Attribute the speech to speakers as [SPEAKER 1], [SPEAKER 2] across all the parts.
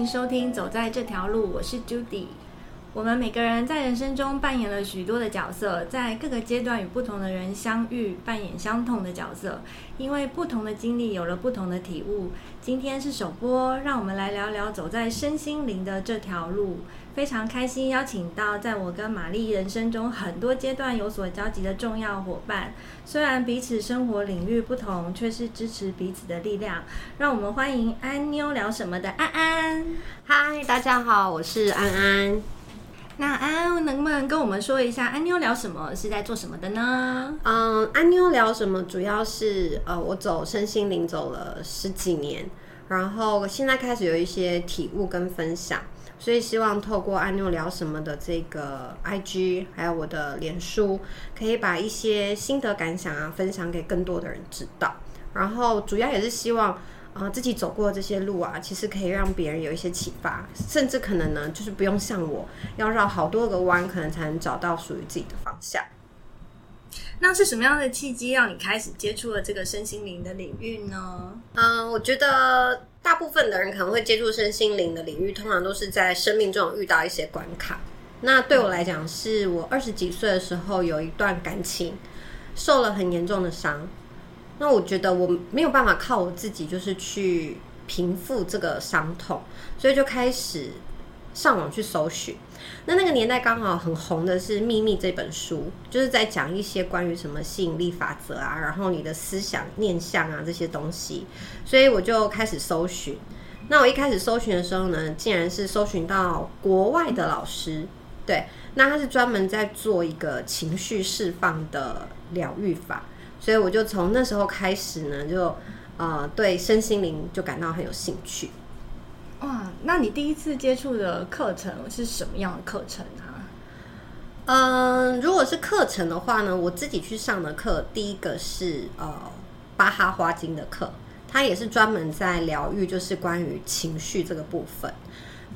[SPEAKER 1] 歡迎收聽走在這條路，我是 Judy。我們每個人在人生中扮演了許多的角色，在各個階段與不同的人相遇，扮演相同的角色，因為不同的經歷有了不同的體悟。今天是首播，讓我們來聊聊走在身心靈的這條路。非常開心邀請到在我跟瑪麗人生中很多階段有所交集的重要夥伴，雖然彼此生活領域不同，卻是支持彼此的力量。讓我們歡迎安妞療什麼的安安。嗨，大家好，我是安安。
[SPEAKER 2] 那安、啊、安，能不能跟我們說一下，安妞療什麼是在做什麼的呢？嗯，安妞療什麼主要是呃，我走身心靈走了十幾年，然後現在開始有一些體悟跟分享，所以希望透過安妞療什麼的這個 IG 還有我的臉書，可以把一些心得感想啊分享給更多的人知道。然後主要也是希望。啊、呃，自己走過的這些路啊，其實可以讓別人有一些啟發，甚至可能呢，就是不用像我要繞好多個彎，可能才能找到屬於自己的方向。
[SPEAKER 1] 那是什麼樣的契機讓你開始接觸了這個身心靈的領域呢？嗯、呃，我覺得
[SPEAKER 2] 大部分的人可能會接觸身心靈的領域，通常都是在生命中遇到一些關卡。那對我來講，是我二十幾歲的時候有一段感情，受了很嚴重的傷。那我覺得我沒有辦法靠我自己，就是去平復這個傷痛，所以就開始上網去搜尋。那那個年代剛好很紅的是《秘密》這本書，就是在講一些關於什麼吸引力法則啊，然後你的思想念想啊這些東西。所以我就開始搜尋。那我一開始搜尋的時候呢，竟然是搜尋到國外的老師，對，那他是專門在做一個情緒釋放的療癒法。所以我就從那時候開始呢，就啊、呃、對身心靈就感到很有興趣。
[SPEAKER 1] 哇，那你第一次接觸的課程是什麼樣的課程啊？嗯、
[SPEAKER 2] 呃，如果是課程的話呢，我自己去上的課，第一個是呃巴哈花精的課，它也是專門在療癒，就是關於情緒這個部分。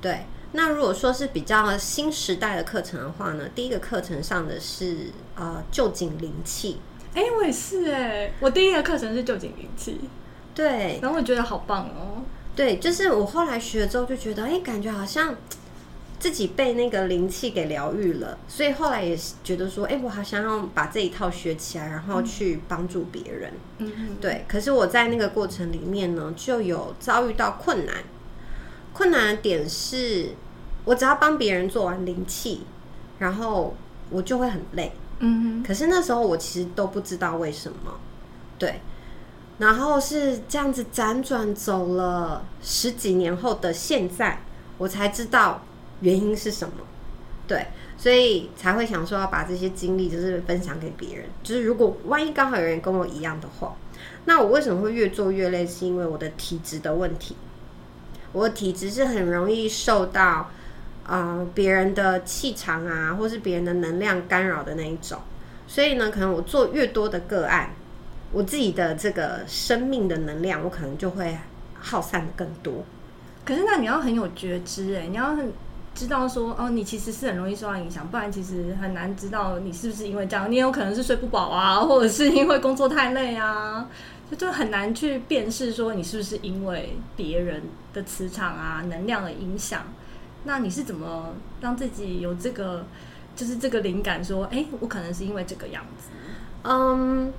[SPEAKER 2] 對，那如果說是比較新時代的課程的話呢，第一個課程上的是呃臼井靈氣。
[SPEAKER 1] 哎，我也是哎，我第一個課程是臼井靈氣，對，然後我覺得好棒哦，
[SPEAKER 2] 對，就是我後來學了之後就覺得，哎，感覺好像自己被那個靈氣給療癒了，所以後來也是覺得說，哎，我好想要把這一套學起來，然後去幫助別人，嗯，對。可是我在那個過程裡面呢，就有遭遇到困難，困難的點是，我只要幫別人做完靈氣，然後我就會很累。嗯，可是那時候我其實都不知道為什麼，對。然後是這樣子輾轉走了十幾年後的現在，我才知道原因是什麼，對。所以才會想說要把這些經歷就是分享給別人，就是如果萬一剛好有人跟我一樣的話，那我為什麼會越做越累？是因為我的體質的問題，我的體質是很容易受到。啊，別人的氣場啊，或是別人的能量干擾的那一種，所以呢，可能我做越多的個案，我自己的這個生命的能量，我可能就會耗散的更
[SPEAKER 1] 多。可是那你要很有覺知欸，你要很知道說，哦，你其實是很容易受到影響，不然其實很難知道你是不是因為這樣。你也有可能是睡不飽啊，或者是因為工作太累啊，就就很難去辨識說你是不是因為別人的磁場啊、能量的影響。那你是怎麼讓自己有這個，就是這個靈感？說，哎、欸，我可能是因為這個樣子。嗯，um,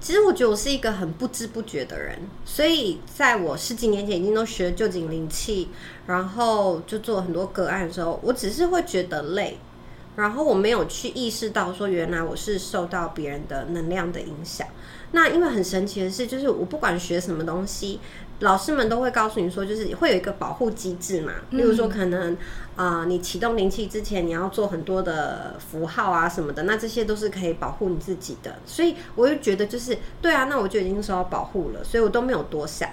[SPEAKER 2] 其實我覺得我是一個很不知不覺的人，所以在我十幾年前已經都學臼井靈氣，然後就做很多個案的時候，我只是會覺得累，然後我沒有去意識到說，原來我是受到別人的能量的影響。那因為很神奇的是，就是我不管學什麼東西。老師們都會告訴你說，就是會有一個保護機制嘛，嗯、例如說可能啊、呃，你啟動靈氣之前，你要做很多的符號啊什麼的，那這些都是可以保護你自己的。所以我就覺得就是對啊，那我就已經受到保護了，所以我都沒有多想。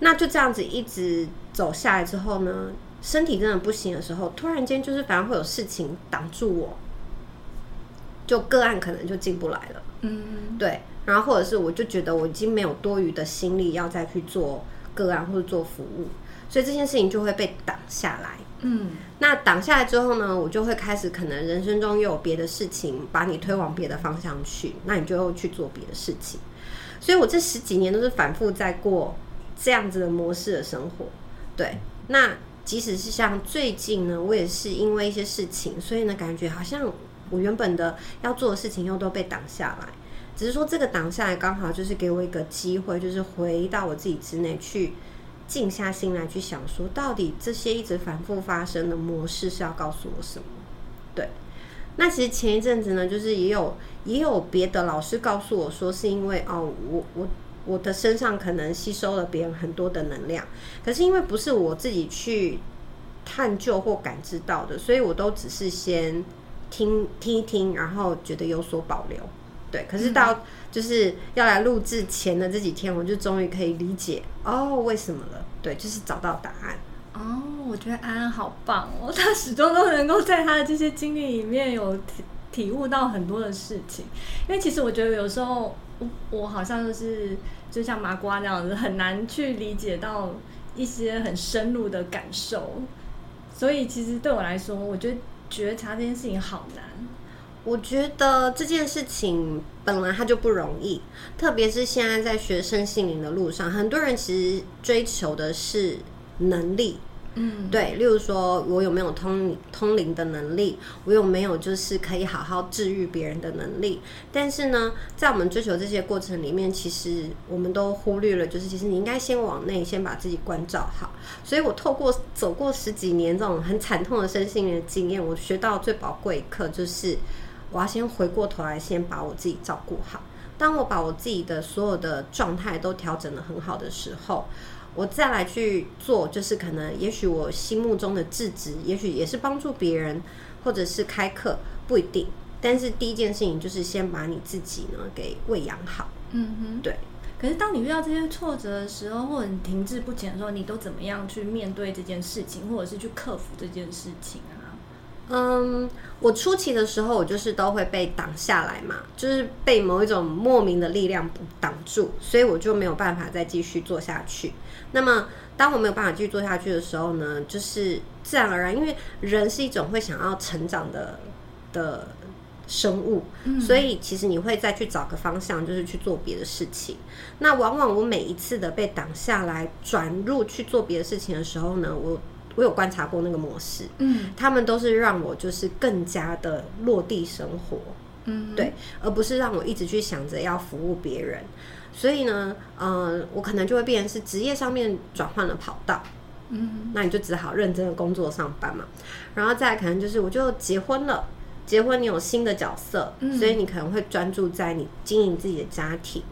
[SPEAKER 2] 那就這樣子一直走下來之後呢，身體真的不行的時候，突然間就是反而會有事情擋住我，就個案可能就進不來了。嗯，對。然後，或者是我就覺得我已經沒有多餘的心力要再去做個案或者做服務，所以這件事情就會被擋下來。嗯，那擋下來之後呢，我就會開始可能人生中又有別的事情把你推往別的方向去，那你就會去做別的事情。所以我這十幾年都是反覆在過這樣子的模式的生活。對，那即使是像最近呢，我也是因為一些事情，所以呢，感覺好像我原本的要做的事情又都被擋下來。只是說這個擋下來剛好就是給我一個機會，就是回到我自己之內去靜下心來去想，說到底這些一直反復發生的模式是要告訴我什麼？對。那其實前一陣子呢，就是也有也有別的老師告訴我說，是因為哦，我我我的身上可能吸收了別人很多的能量，可是因為不是我自己去探究或感知到的，所以我都只是先聽聽一聽，然後覺得有所保留。對，可是到就是要來錄制前的這幾天，嗯哼，我就終於可以理解哦，為什麼了？對，就是找到答案。
[SPEAKER 1] 哦，我覺得安安好棒哦，他始終都能夠在他的這些經歷裡面有體體悟到很多的事情。因為其實我覺得有時候我，我好像就是就像麻瓜那樣子，很難去理解到一些很深入的感受。所以其實對我來說，我覺得覺察這件事情好難。
[SPEAKER 2] 我覺得這件事情本來它就不容易，特別是現在在身心靈的路上，很多人其實追求的是能力，嗯，對，例如說我有沒有通通靈的能力，我有沒有就是可以好好治癒別人的能力。但是呢，在我們追求這些過程裡面，其實我們都忽略了，就是其實你應該先往內，先把自己關照好。所以我透過走過十幾年這種很慘痛的身心靈的經驗，我學到最寶貴一課就是。我要先回過頭來，先把我自己照顧好。當我把我自己的所有的狀態都調整得很好的時候，我再來去做，就是可能，也許我心目中的職志，也許也是幫助別人，或者是開課，不一定。但是第一件事情就是先把你自己呢給餵養好。
[SPEAKER 1] 嗯哼，對。可是當你遇到這些挫折的時候，或者你停滯不前的時候，你都怎麼樣去面對這件事情，或者是去克服這件事情啊？
[SPEAKER 2] 嗯，我初期的時候，我就是都會被擋下來嘛，就是被某一種莫名的力量擋住，所以我就沒有辦法再繼續做下去。那麼，當我沒有辦法繼續做下去的時候呢，就是自然而然，因為人是一種會想要成長的的生物，所以其實你會再去找個方向，就是去做別的事情。那往往我每一次的被擋下來，轉入去做別的事情的時候呢，我，我有觀察過那個模式，嗯，他們都是讓我就是更加的落地生活，嗯，對，而不是讓我一直去想着要服務別人。所以呢，嗯、呃，我可能就會變成是職業上面轉換了跑道，嗯，那你就只好認真的工作上班嘛。然後再可能就是我就結婚了，結婚你有新的角色，嗯、所以你可能會專注在你經營自己的家庭。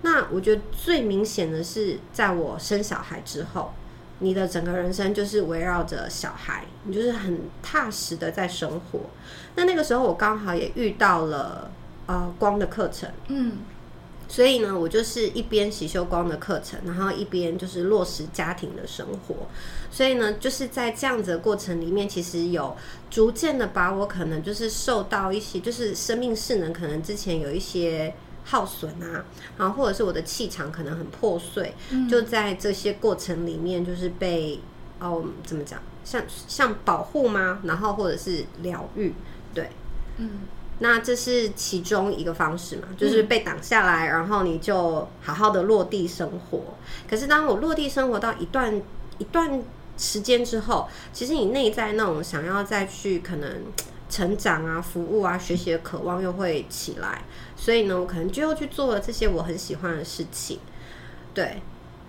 [SPEAKER 2] 那我覺得最明顯的是在我生小孩之後。你的整個人生就是圍繞着小孩，你就是很踏實的在生活。那那個時候我剛好也遇到了呃光的課程，
[SPEAKER 1] 嗯，
[SPEAKER 2] 所以呢，我就是一邊習修光的課程，然後一邊就是落實家庭的生活。所以呢，就是在這樣子的過程裡面，其實有逐漸的把我可能就是受到一些就是生命勢能，可能之前有一些。耗損啊，然後或者是我的氣場可能很破碎，嗯、就在這些過程裡面，就是被，哦，怎麼講，像像保護嗎？然後或者是療癒，對，嗯，那這是其中一個方式嘛，就是被擋下來，嗯、然後你就好好的落地生活。可是當我落地生活到一段一段時間之後，其實你內在那種想要再去可能。成長啊，服務啊，學習的渴望又會起來，嗯。所以呢，我可能就又去做了這些我很喜歡的事情，對，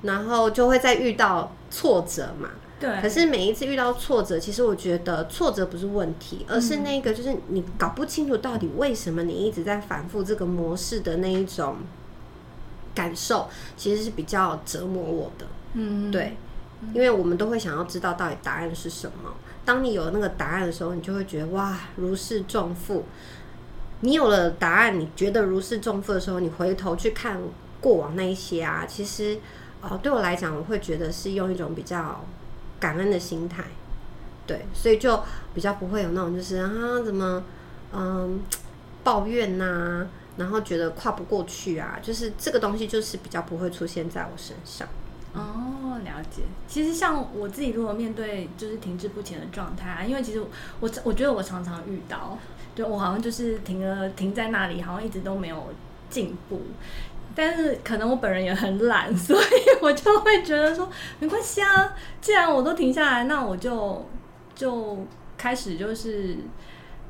[SPEAKER 2] 然後就會再遇到挫折嘛，對。可是每一次遇到挫折，其實我覺得挫折不是問題，而是那個就是你搞不清楚到底為什麼你一直在反覆這個模式的那一種感受，其實是比較折磨我的，嗯，對，因為我們都會想要知道到底答案是什麼。當你有那個答案的時候，你就會覺得哇，如釋重負。你有了答案，你覺得如釋重負的時候，你回頭去看過往那一些啊，其實，哦，對我來講，我會覺得是用一種比較感恩的心態，對，所以就比較不會有那種就是啊怎麼嗯抱怨吶、啊，然後覺得跨不過去啊，就是這個東西就是比較不會出現在我身上。哦，了解。
[SPEAKER 1] 其實像我自己，如果面對就是停滯不前的狀態啊，因為其實我我，我覺得我常常遇到，對，我好像就是停了，停在那裡，好像一直都沒有進步。但是可能我本人也很懶，所以我就會覺得說沒關係啊，既然我都停下來，那我就就開始就是。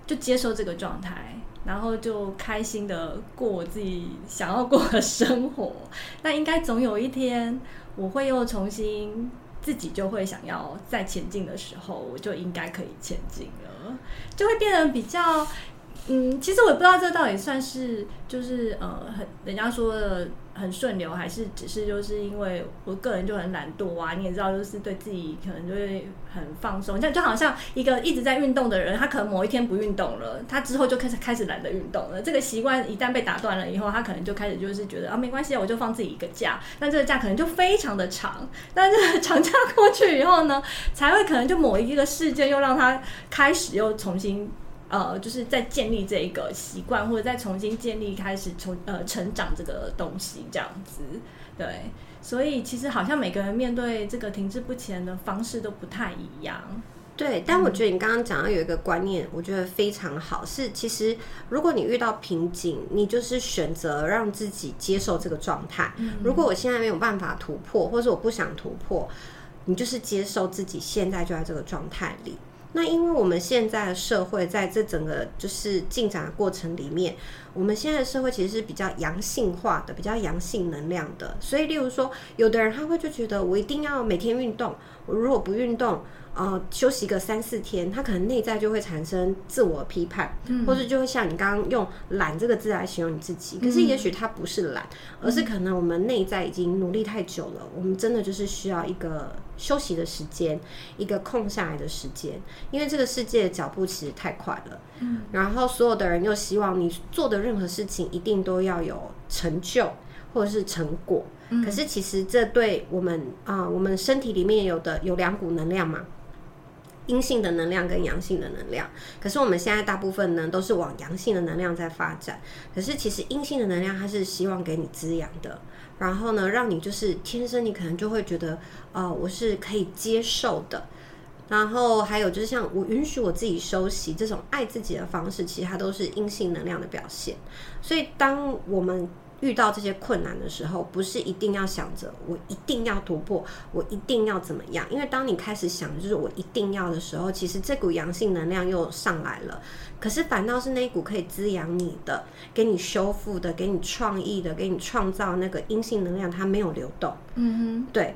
[SPEAKER 1] 就接受這個狀態，然後就開心的過我自己想要過的生活。那應該總有一天，我會又重新自己就會想要再前進的時候，我就應該可以前進了，就會變得比較……嗯，其實我也不知道這到底算是就是呃，很人家說的。很順流，還是只是就是因為我個人就很懶惰啊，你也知道，就是對自己可能就會很放鬆。像就好像一個一直在運動的人，他可能某一天不運動了，他之後就開始開始懶得運動了。這個習慣一旦被打斷了以後，他可能就開始就是覺得啊沒關係啊，我就放自己一個假。但這個假可能就非常的長。但這個長假過去以後呢，才會可能就某一個事件又讓他開始又重新。呃，就是在建立這個習慣，或者在重新建立開始從呃成長這個東西這樣子，對，所以其實好像每個人面對這個停滯不前的方式都不太一樣。
[SPEAKER 2] 對，但我覺得你剛剛講到有一個觀念，我覺得非常好，嗯、是其實如果你遇到瓶頸，你就是選擇讓自己接受這個狀態。嗯、如果我現在沒有辦法突破，或者我不想突破，你就是接受自己現在就在這個狀態裡。那因為我們現在的社會，在這整個就是進展的過程裡面，我們現在的社會其實是比較陽性化的，比較陽性能量的。所以，例如說，有的人他會就覺得我一定要每天運動，我如果不運動。呃，休息個三四天，他可能內在就會產生自我批判，嗯、或者就會像你剛剛用“懶”這個字來形容你自己。嗯、可是，也許他不是懶，嗯、而是可能我們內在已經努力太久了，嗯、我們真的就是需要一個休息的時間，一個空下來的時間。因為這個世界的腳步其實太快了，嗯，然後所有的人又希望你做的任何事情一定都要有成就或者是成果。嗯、可是，其實這對我們啊、呃，我們身體裡面有的有兩股能量嘛。陰性的能量跟陽性的能量，可是我們現在大部分呢都是往陽性的能量在發展。可是其實陰性的能量它是希望給你滋養的，然後呢讓你就是天生你可能就會覺得，呃，我是可以接受的。然後還有就是像我允許我自己休息這種愛自己的方式，其實它都是陰性能量的表現。所以當我們遇到這些困難的時候，不是一定要想着我一定要突破，我一定要怎麼樣？因為當你開始想就是我一定要的時候，其實這股陽性能量又上來了，可是反倒是那股可以滋養你的、給你修復的、給你創意的、給你創造那個陰性能量，它沒有流動。嗯哼，對。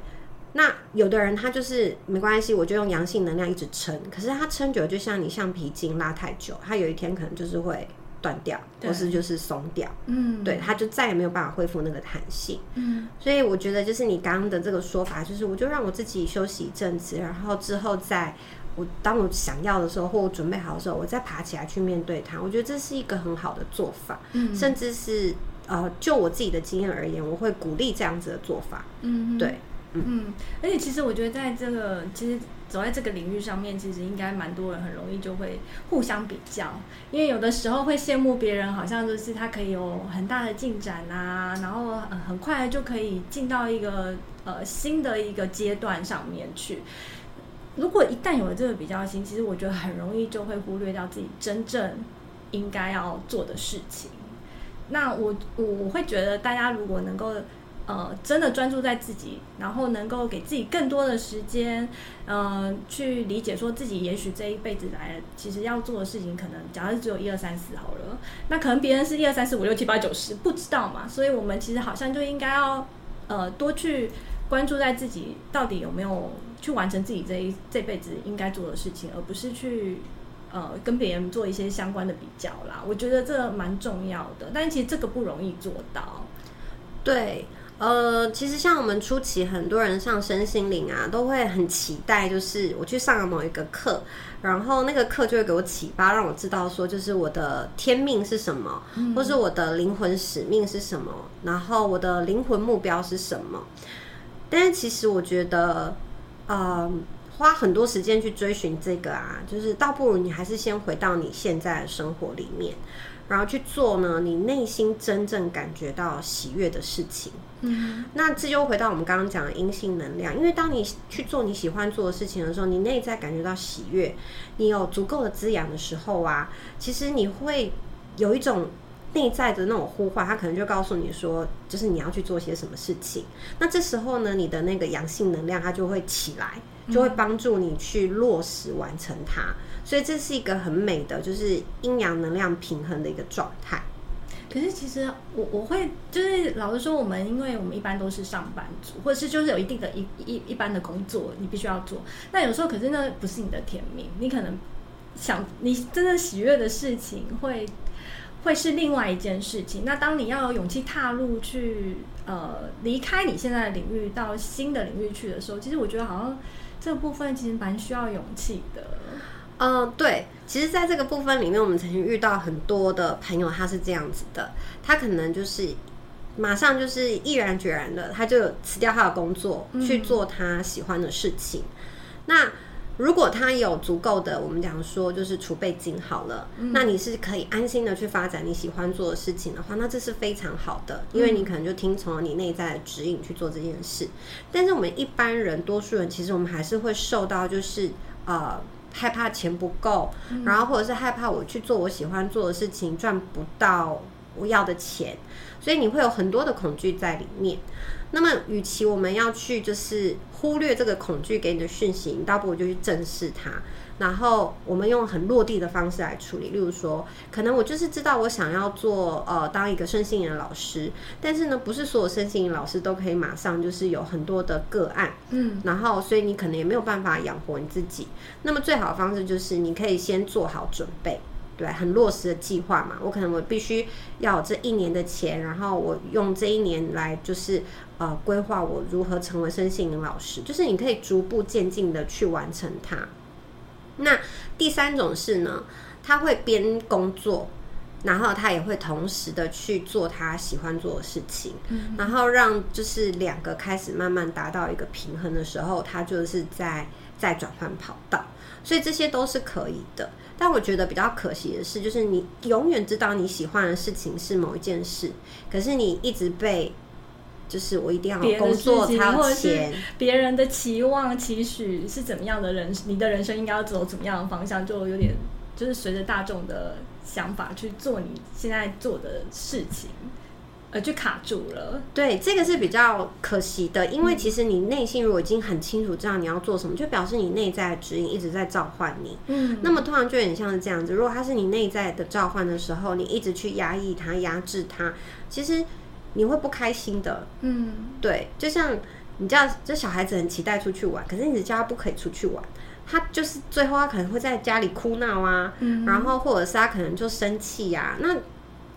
[SPEAKER 2] 那有的人他就是沒關係，我就用陽性能量一直撐，可是他撐久了就像你橡皮筋拉太久，他有一天可能就是會。斷掉，或是就是鬆掉，嗯，對，它就再也沒有辦法恢復那個彈性。嗯，所以我覺得就是你剛剛的這個說法，就是我就讓我自己休息一陣子，然後之後再我當我想要的時候或我準備好的時候，我再爬起來去面對它，我覺得這是一個很好的做法。嗯，甚至是呃，就我自己的經驗而言，我會鼓勵這樣子的做法，嗯哼，對。
[SPEAKER 1] 嗯，而且其實我覺得，在這個其實走在這個領域上面，其實應該蠻多人很容易就會互相比較，因為有的時候會羨慕別人，好像就是他可以有很大的進展啊，然後很快就可以進到一個呃新的一個階段上面去。如果一旦有了這個比較心，其實我覺得很容易就會忽略掉自己真正應該要做的事情。那我我我會覺得，大家如果能夠。呃，真的專注在自己，然後能夠給自己更多的時間，嗯、呃，去理解說自己也許這一輩子來其實要做的事情，可能假如只有一二三四好了，那可能別人是一二三四五六七八九十，不知道嘛。所以我們其實好像就應該要呃多去關注在自己到底有沒有去完成自己這一這輩子應該做的事情，而不是去呃跟別人做一些相關的比較啦。我覺得這蠻重要的，但其實這個不容易做到。
[SPEAKER 2] 對。呃，其實像我們初期，很多人上身心靈啊，都會很期待，就是我去上了某一個課，然後那個課就會給我啟發，讓我知道說，就是我的天命是什麼，或是我的靈魂使命是什麼，然後我的靈魂目標是什麼。但是其實我覺得，呃，花很多時間去追尋這個啊，就是倒不如你還是先回到你現在的生活裡面。然後去做呢，你內心真正感覺到喜悅的事情。嗯，那這就回到我們剛剛講的陰性能量，因為當你去做你喜歡做的事情的時候，你內在感覺到喜悅，你有足夠的滋養的時候啊，其實你會有一種內在的那種呼喚，它可能就告訴你說，就是你要去做些什麼事情。那這時候呢，你的那個陽性能量它就會起來，就會幫助你去落實完成它。嗯所以這是一個很美的，就是陰陽能量平衡的一個狀態。
[SPEAKER 1] 可是其實我我會就是老實說，我們因為我們一般都是上班族，或者是就是有一定的一、一一一般的工作，你必須要做。那有時候可是那不是你的天命，你可能想你真正喜悅的事情會會是另外一件事情。那當你要有勇氣踏入去呃離開你現在的領域，到新的領域去的時候，其實我覺得好像這個部分其實蠻需要勇氣的。
[SPEAKER 2] 嗯，對，其實，在這個部分裡面，我們曾經遇到很多的朋友，他是這樣子的，他可能就是馬上就是毅然決然的，他就辭掉他的工作，嗯、去做他喜歡的事情。那如果他有足夠的，我們講說就是儲備金好了，嗯、那你是可以安心的去發展你喜歡做的事情的話，那這是非常好的，因為你可能就聽從了你內在的指引去做這件事。但是，我們一般人多數人，其實我們還是會受到就是呃。害怕錢不夠，嗯、然後或者是害怕我去做我喜歡做的事情賺不到我要的錢，所以你會有很多的恐懼在裡面。那麼，與其我們要去就是忽略這個恐懼給你的訊息，你倒不如就去正視它。然後我們用很落地的方式來處理，例如說，可能我就是知道我想要做呃當一個身心靈老師，但是呢，不是所有身心靈老師都可以馬上就是有很多的個案，嗯，然後所以你可能也沒有辦法養活你自己。那麼最好的方式就是你可以先做好準備，對，很落實的計劃嘛。我可能我必須要有這一年的錢，然後我用這一年來就是呃規劃我如何成為身心靈老師，就是你可以逐步漸進的去完成它。那第三種是呢，他會邊工作，然後他也會同時的去做他喜歡做的事情，嗯哼，然後讓就是兩個開始慢慢達到一個平衡的時候，他就是在在轉換跑道，所以這些都是可以的。但我覺得比較可惜的是，就是你永遠知道你喜歡的事情是某一件事，可是你一直被。就是我一定要工作超前，或
[SPEAKER 1] 是別人的期望期許是怎麼樣的人？你的人生應該要走怎麼樣的方向？就有點就是隨着大眾的想法去做你現在做的事情，呃，就卡住了。
[SPEAKER 2] 對，這個是比較可惜的，因為其實你內心如果已經很清楚知道你要做什麼，嗯、就表示你內在的指引一直在召喚你。嗯，那麼突然就有點像是這樣子。如果它是你內在的召喚的時候，你一直去壓抑它、壓制它，其實。你會不開心的，嗯，對，就像你叫這小孩子很期待出去玩，可是你叫他不可以出去玩，他就是最後他可能會在家裡哭鬧啊，嗯、然後或者是他可能就生氣呀、啊。那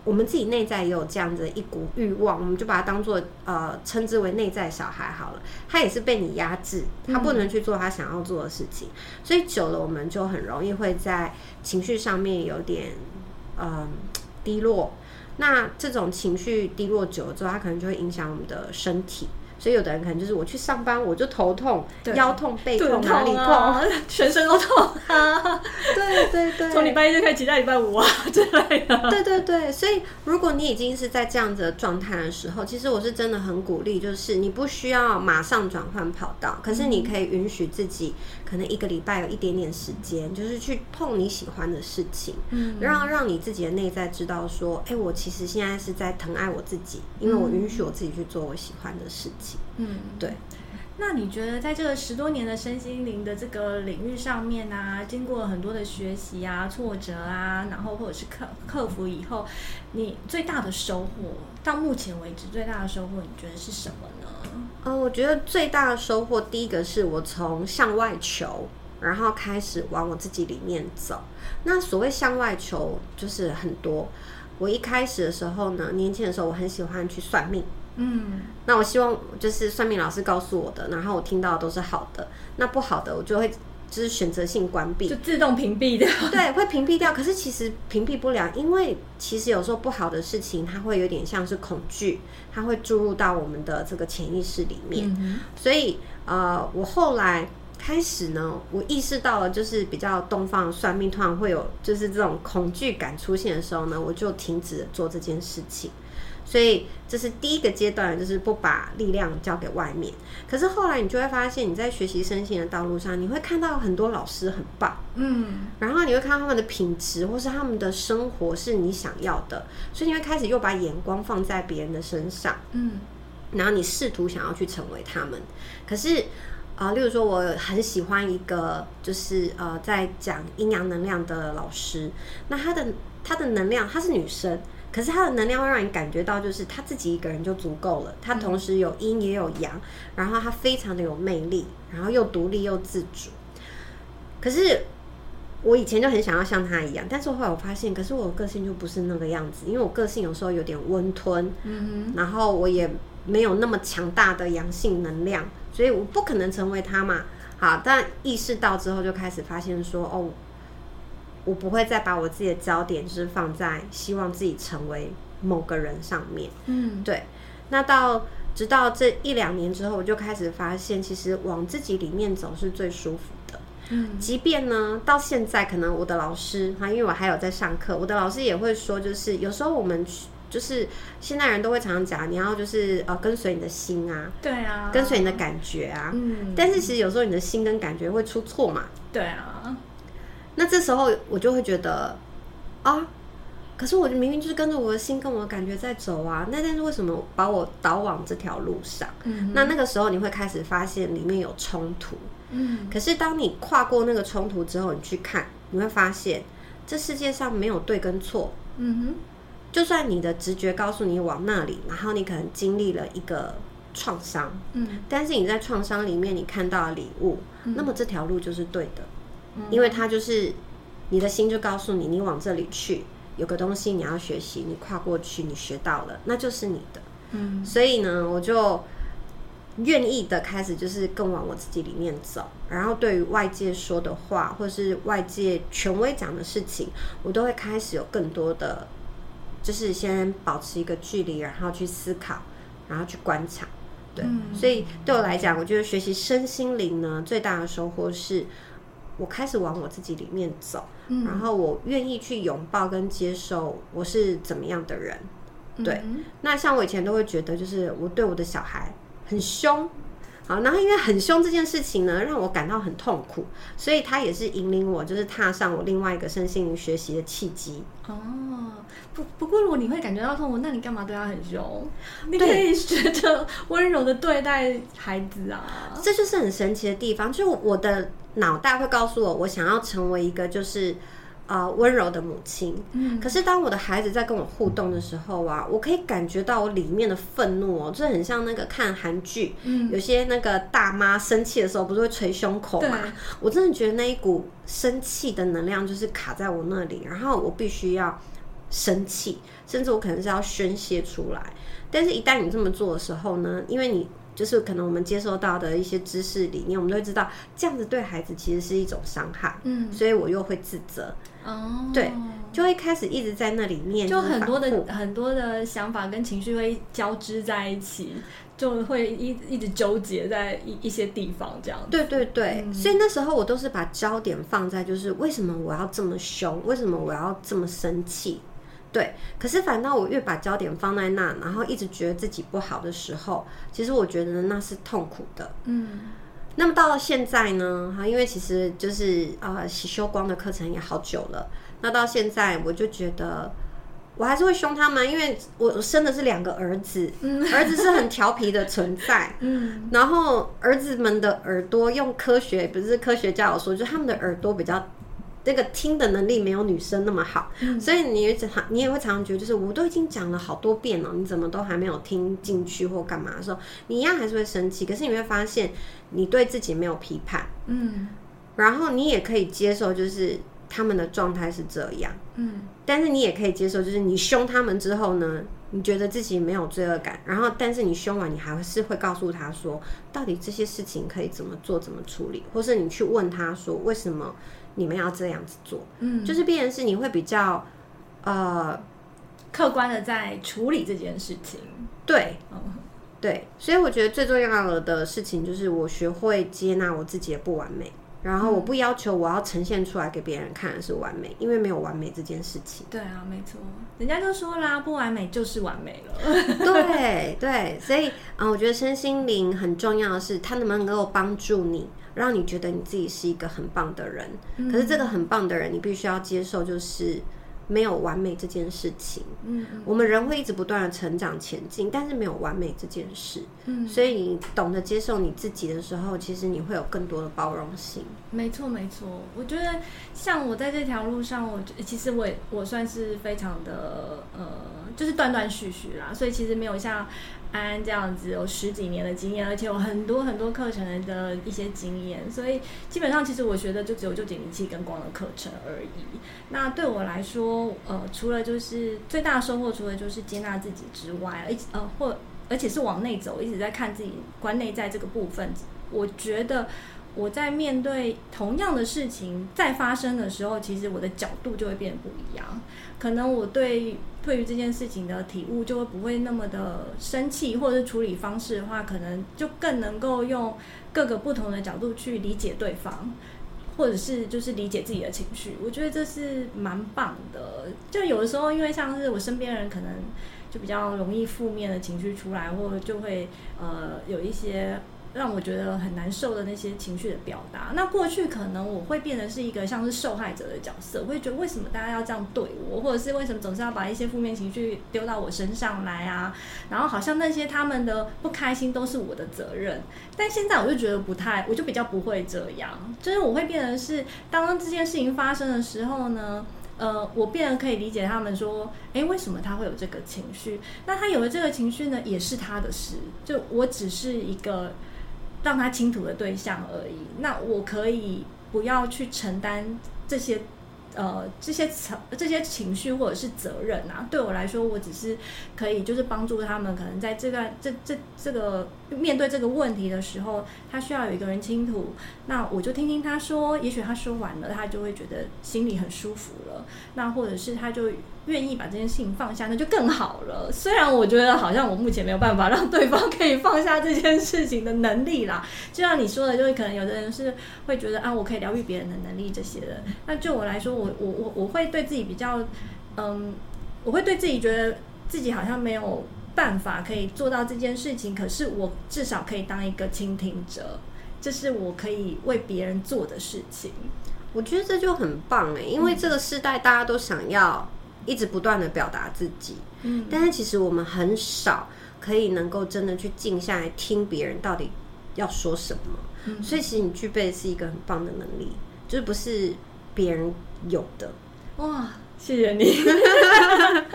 [SPEAKER 2] 我們自己內在也有這樣子一股慾望，我們就把它當做呃稱之為內在小孩好了，他也是被你壓制，他不能去做他想要做的事情，嗯、所以久了我們就很容易會在情緒上面有點嗯、呃、低落。那這種情緒低落久了之後，它可能就會影響我們的身體。所以有的人可能就是我去上班，我就頭痛、對腰痛、背痛、痛啊、哪裡痛， 全身都痛啊！ 對對對，
[SPEAKER 1] 從禮拜一就可以期待禮拜五啊之
[SPEAKER 2] 類的。對對對，所以如果你已經是在這樣子的狀態的時候，其實我是真的很鼓勵，就是你不需要馬上轉換跑道，可是你可以允許自己可能一個禮拜有一點點時間，就是去碰你喜歡的事情，讓、嗯、讓你自己的內在知道說，哎、欸，我其實現在是在疼愛我自己，因為我允許我自己去做我喜歡的事情。嗯，對。
[SPEAKER 1] 那你覺得在這個十多年的身心靈的這個領域上面啊，經過很多的學習啊、挫折啊，然後或者是克克服以後，你最大的收穫到目前為止最大的收穫，你覺得是什麼呢？
[SPEAKER 2] 呃，我覺得最大的收穫，第一個是我從向外求，然後開始往我自己裡面走。那所謂向外求，就是很多。我一開始的時候呢，年輕的時候，我很喜歡去算命。嗯，那我希望就是算命老師告訴我的，然後我聽到的都是好的，那不好的我就會就是選擇性關閉，就自動屏蔽的，對，會屏蔽掉。可是其實屏蔽不了，因為其實有時候不好的事情，它會有點像是恐懼，它會注入到我們的這個潛意識裡面。嗯哼。所以呃，我後來開始呢，我意識到了，就是比較東方算命，突然會有就是這種恐懼感出現的時候呢，我就停止做這件事情。所以這是第一個階段，就是不把力量交給外面。可是後來你就會發現，你在學習身心的道路上，你會看到很多老師很棒，嗯，然後你會看到他們的品質或是他們的生活是你想要的，所以你會開始又把眼光放在別人的身上，嗯，然後你試圖想要去成為他們。可是啊、呃，例如說我很喜歡一個就是呃在講陰陽能量的老師，那他的他的能量她是女生。可是他的能量會讓你感覺到，就是他自己一個人就足夠了。他同時有陰也有陽，嗯、然後他非常的有魅力，然後又獨立又自主。可是我以前就很想要像他一樣，但是後來我發現，可是我個性就不是那個樣子，因為我個性有時候有點溫吞，嗯哼，然後我也沒有那麼強大的陽性能量，所以我不可能成為他嘛。好，但意識到之後就開始發現說，哦。我不會再把我自己的焦點就是放在希望自己成為某個人上面。嗯，對。那到直到這一兩年之後，我就開始發現，其實往自己裡面走是最舒服的。嗯，即便呢，到現在可能我的老師哈，因為我還有在上課，我的老師也會說，就是有時候我們就是現代人都會常常講，你要就是呃跟隨你的心啊，
[SPEAKER 1] 對啊，跟隨
[SPEAKER 2] 你的感覺啊。嗯。但是其實有時候你的心跟感覺會出錯嘛。對啊。那這時候我就會覺得，啊，可是我明明就是跟着我的心、跟我的感覺在走啊。那但是為什麼把我導往這條路上？嗯哼，那那個時候你會開始發現裡面有衝突。嗯哼，可是當你跨過那個衝突之後，你去看，你會發現這世界上沒有對跟錯。嗯
[SPEAKER 1] 哼，
[SPEAKER 2] 就算你的直覺告訴你往那裡，然後你可能經歷了一個創傷。嗯，但是你在創傷裡面你看到了禮物，嗯哼，那麼這條路就是對的。因為他就是，你的心就告訴你，你往這裡去，有個東西你要學習，你跨過去，你學到了，那就是你的。嗯，所以呢，我就願意的開始，就是更往我自己裡面走。然後對於外界說的話，或是外界權威講的事情，我都會開始有更多的，就是先保持一個距離，然後去思考，然後去觀察。對，嗯、所以對我來講，我覺得學習身心靈呢，最大的收穫是。我開始往我自己裡面走，嗯、然後我願意去擁抱跟接受我是怎麼樣的人。對，嗯、那像我以前都會覺得，就是我對我的小孩很兇。好，然後因為很凶這件事情呢，讓我感到很痛苦，所以他也是引領我，就是踏上我另外一個身心靈學習的契機。
[SPEAKER 1] 哦、啊，不，不過如果你會感覺到痛苦，那你幹嘛對他很凶？對你可以學着溫柔的對待孩子啊， 這就是很神奇的地方。就是我
[SPEAKER 2] 的腦袋會告訴我，我想要成為一個就是。啊，溫柔的母親。嗯，可是當我的孩子在跟我互動的時候啊，我可以感覺到我裡面的憤怒哦，就很像那個看韓劇，嗯，有些那個大媽生氣的時候不是會捶胸口嗎？啊、我真的覺得那一股生氣的能量就是卡在我那裡，然後我必須要生氣，甚至我可能是要宣洩出來。但是，一旦你這麼做的時候呢，因為你就是可能我們接受到的一些知識理念，我們都會知道這樣子對孩子其實是一種傷害，嗯，所以我又會自責。哦， 對，就會開
[SPEAKER 1] 始一直在那裡念，就很多的很多的想法跟情緒會交織在一起，就會一一直糾結在一一些地方這樣子。對對對，嗯、
[SPEAKER 2] 所以那時候我都是把焦點放在就是為什麼我要這麼凶，為什麼我要這麼生氣？對，可是反倒我越把焦點放在那，然後一直覺得自己不好的時候，其實我覺得那是痛苦的。嗯。那麼到了現在呢，哈，因為其實就是啊，洗修光的課程也好久了。那到現在，我就覺得我還是會凶他們，因為我生的是兩個兒子，兒子是很調皮的存在。 然後兒子們的耳朵，用科學不是科學家有說，就是他們的耳朵比較。這個聽的能力沒有女生那麼好， 所以你也常，你也會常常覺得就是我都已經講了好多遍了喔，你怎麼都還沒有聽進去或幹嘛的時候，你一樣還是會生氣。可是你會發現，你對自己沒有批判，
[SPEAKER 1] 嗯，
[SPEAKER 2] 然後你也可以接受，就是他們的狀態是這樣，嗯，但是你也可以接受，就是你凶他們之後呢，你覺得自己沒有罪惡感，然後但是你凶完，你還是會告訴他說，到底這些事情可以怎麼做、怎麼處理，或是你去問他說為什麼。你們要這樣子做，嗯，就是必然是你會比較，呃，
[SPEAKER 1] 客觀的在處理這件事情。對，嗯、
[SPEAKER 2] 對，所以我覺得最重要的事情就是我學會接納我自己的不完美，然後我不要求我要呈現出來給別人看的是完美，嗯、因為沒有完美這件事情。
[SPEAKER 1] 對啊，沒錯，人家都說啦，不完美就是完美了。
[SPEAKER 2] 對對，所以啊、呃，我覺得身心靈很重要的是它能不能夠幫助你。讓你覺得你自己是一個很棒的人，嗯、可是這個很棒的人，你必須要接受，就是沒有完美這件事情。嗯，我們人會一直不斷的成長前進，嗯、但是沒有完美這件事。嗯，所以你懂得接受你自己的時候，其實你會有更多的包容
[SPEAKER 1] 性。沒錯，沒錯。我覺得像我在這條路上，我其實我也我算是非常的呃，就是斷斷續續啦，所以其實沒有像。安這樣子有十幾年的經驗，而且有很多很多課程的一些經驗，所以基本上其實我覺得就只有臼井靈氣跟光的課程而已。那對我來說，呃，除了就是最大收穫，除了就是接納自己之外，一呃或而且是往內走，一直在看自己關內在這個部分，我覺得我在面對同樣的事情再發生的時候，其實我的角度就會變得不一樣，可能我對。對於這件事情的體悟，就會不會那麼的生氣，或者是處理方式的話，可能就更能夠用各個不同的角度去理解對方，或者是就是理解自己的情緒。我覺得這是蠻棒的。就有的時候，因為像是我身邊人可能就比較容易負面的情緒出來，或者就會呃有一些。讓我覺得很難受的那些情緒的表達，那過去可能我會變得是一個像是受害者的角色，我會覺得為什麼大家要這樣對我，或者是為什麼總是要把一些負面情緒丟到我身上來啊？然後好像那些他們的不開心都是我的責任。但現在我就覺得不太，我就比較不會這樣，就是我會變得是，當這件事情發生的時候呢，呃，我變得可以理解他們說，誒，為什麼他會有這個情緒？那他有了這個情緒呢，也是他的事，就我只是一個。讓他傾吐的對象而已。那我可以不要去承擔這些，呃，這些情這些情緒或者是責任啊。對我來說，我只是可以就是幫助他們，可能在這段這這這個。面對這個問題的時候，他需要有一個人傾吐。那我就聽聽他說，也許他說完了，他就會覺得心裡很舒服了。那或者是他就願意把這件事情放下，那就更好了。雖然我覺得好像我目前沒有辦法讓對方可以放下這件事情的能力啦。就像你說的，就是可能有的人是會覺得啊，我可以療癒別人的能力這些的。那就我來說，我我我我會對自己比較，嗯，我會對自己覺得自己好像沒有。辦法可以做到這件事情，可是我至少可以當一個傾聽者，這是我可以為別人做的事情。
[SPEAKER 2] 我覺得這就很棒誒。因為這個時代大家都想要一直不斷的表達自己，嗯，但是其實我們很少可以能夠真的去靜下來聽別人到底要說什麼。嗯，所以其實你具備的是一個很
[SPEAKER 1] 棒的能力，就是不是別人有的。哇，謝謝你，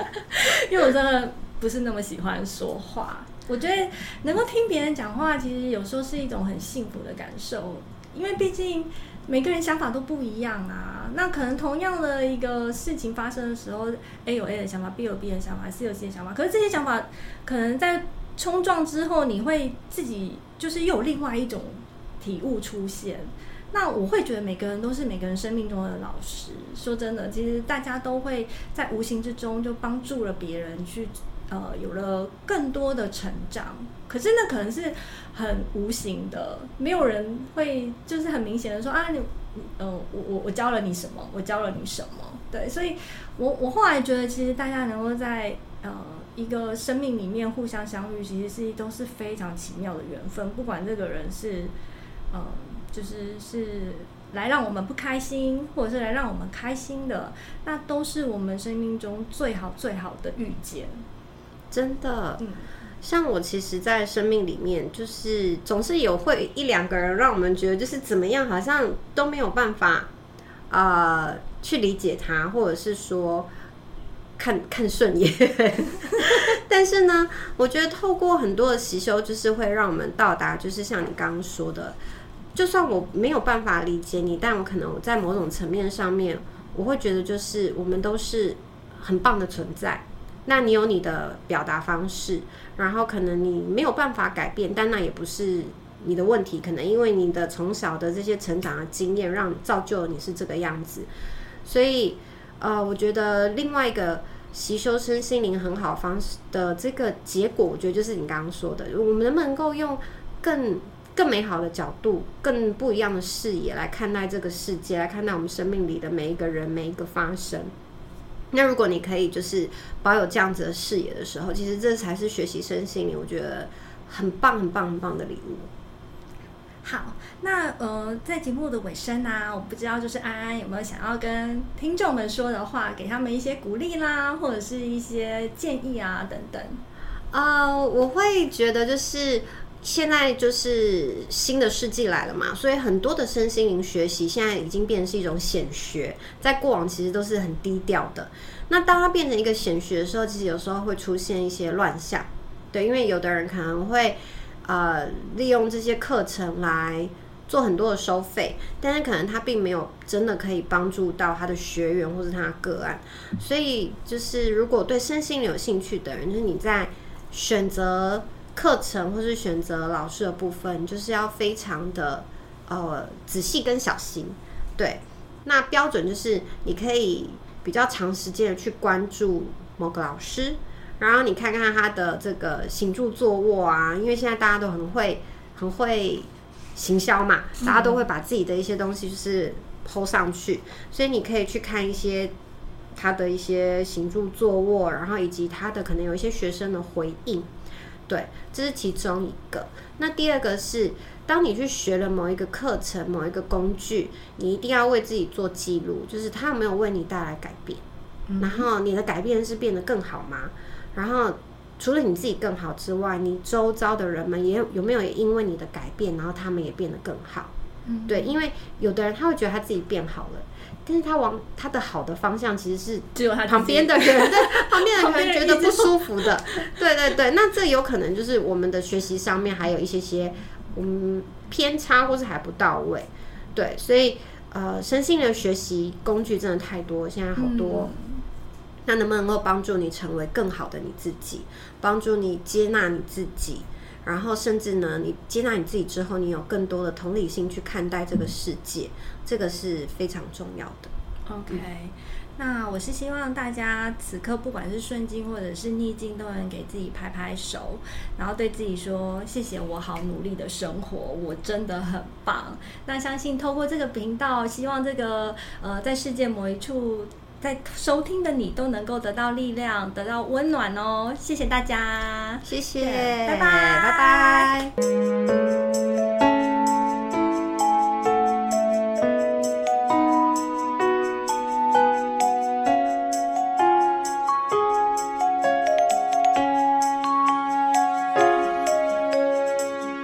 [SPEAKER 1] 因為我真的。不是那麼喜歡說話，我覺得能夠聽別人講話，其實有時候是一種很幸福的感受，因為畢竟每個人想法都不一樣啊。那可能同樣的一個事情發生的時候，A 有 A 的想法，B 有 B 的想法，C 有 C 的想法。可是這些想法可能在衝撞之後，你會自己就是又有另外一種體悟出現。那我會覺得每個人都是每個人生命中的老師。說真的，其實大家都會在無形之中就幫助了別人去。呃，有了更多的成長，可是那可能是很無形的，沒有人會就是很明顯的說啊，你呃，我我我教了你什麼？我教了你什麼？對，所以我我後來覺得，其實大家能夠在呃一個生命裡面互相相遇，其實是都是非常奇妙的緣分。不管這個人是呃，就是是來讓我們不開心，或者是來讓我們開心的，那都是我們生命中最好最好的遇見。真的，
[SPEAKER 2] 像我其實，在生命裡面，就是總是有會一兩個人讓我們覺得就是怎麼樣，好像都沒有辦法，呃，去理解他，或者是說看，看看順眼。 但是呢，我覺得透過很多的實修，就是會讓我們到達，就是像你剛剛說的，就算我沒有辦法理解你，但我可能我在某種層面上面，我會覺得就是我們都是很棒的存在。那你有你的表達方式，然後可能你沒有辦法改變，但那也不是你的問題。可能因為你的從小的這些成長的經驗，讓造就了你是這個樣子。所以，呃，我覺得另外一個習修身心靈很好的方式的這個結果，我覺得就是你剛剛說的，我們能不能夠用更更美好的角度、更不一樣的視野來看待這個世界，來看待我們生命裡的每一個人、每一個發生。那如果你可以就是保有這樣子的視野的時候，其實這才是學習身心靈，我覺得很棒、很棒、很棒的禮物。
[SPEAKER 1] 好，那呃，在節目的尾聲呢、啊，我不知道就是安安有沒有想要跟聽眾們說的話，給他們一些鼓勵啦，或者是一些建議啊等等。啊、呃，我會覺得
[SPEAKER 2] 就是。現在就是新的世紀來了嘛，所以很多的身心靈學習現在已經變成是一種顯學，在過往其實都是很低調的。那當它變成一個顯學的時候，其實有時候會出現一些亂象，對，因為有的人可能會呃利用這些課程來做很多的收費，但是可能他並沒有真的可以幫助到他的學員或者他的個案。所以就是如果對身心靈有興趣的人，就是你在選擇課程或是選擇老師的部分，就是要非常的呃仔細跟小心。對，那標準就是你可以比較長時間的去關注某個老師，然後你看看他的這個行住坐臥啊，因為現在大家都很會很會行銷嘛，大家都會把自己的一些東西就是 PO 上去，所以你可以去看一些他的一些行住坐臥，然後以及他的可能有一些學生的回應。對，這是其中一個。那第二個是，當你去學了某一個課程、某一個工具，你一定要為自己做記錄，就是它有沒有為你帶來改變？嗯哼。然後你的改變是變得更好嗎？然後除了你自己更好之外，你周遭的人們也有沒有也因為你的改變，然後他們也變得更好？嗯哼。對，因為有的人他會覺得他自己變好了。但是他往他的好的方向，其實是只有他旁邊的人，對， 旁邊的人覺得不舒服的，對對對。那這有可能就是我們的學習上面還有一些些嗯偏差，或是還不到位，對。所以呃，身心靈的學習工具真的太多，現在好多，嗯、那能不能夠幫助你成為更好的你自己，幫助你接納你自己？然後，甚至呢，你接納你自己之後，你有更多的同理心去看待這個世界，嗯、這個是非常重要的。
[SPEAKER 1] OK，那我是希望大家此刻不管是順境或者是逆境，都能給自己拍拍手，嗯、然後對自己說：“謝謝我，好努力的生活，我真的很棒。”那相信透過這個頻道，希望這個呃，在世界某一處。在收聽的你都能夠得到力量，得到溫暖哦。謝謝大家，謝謝，拜拜，拜拜。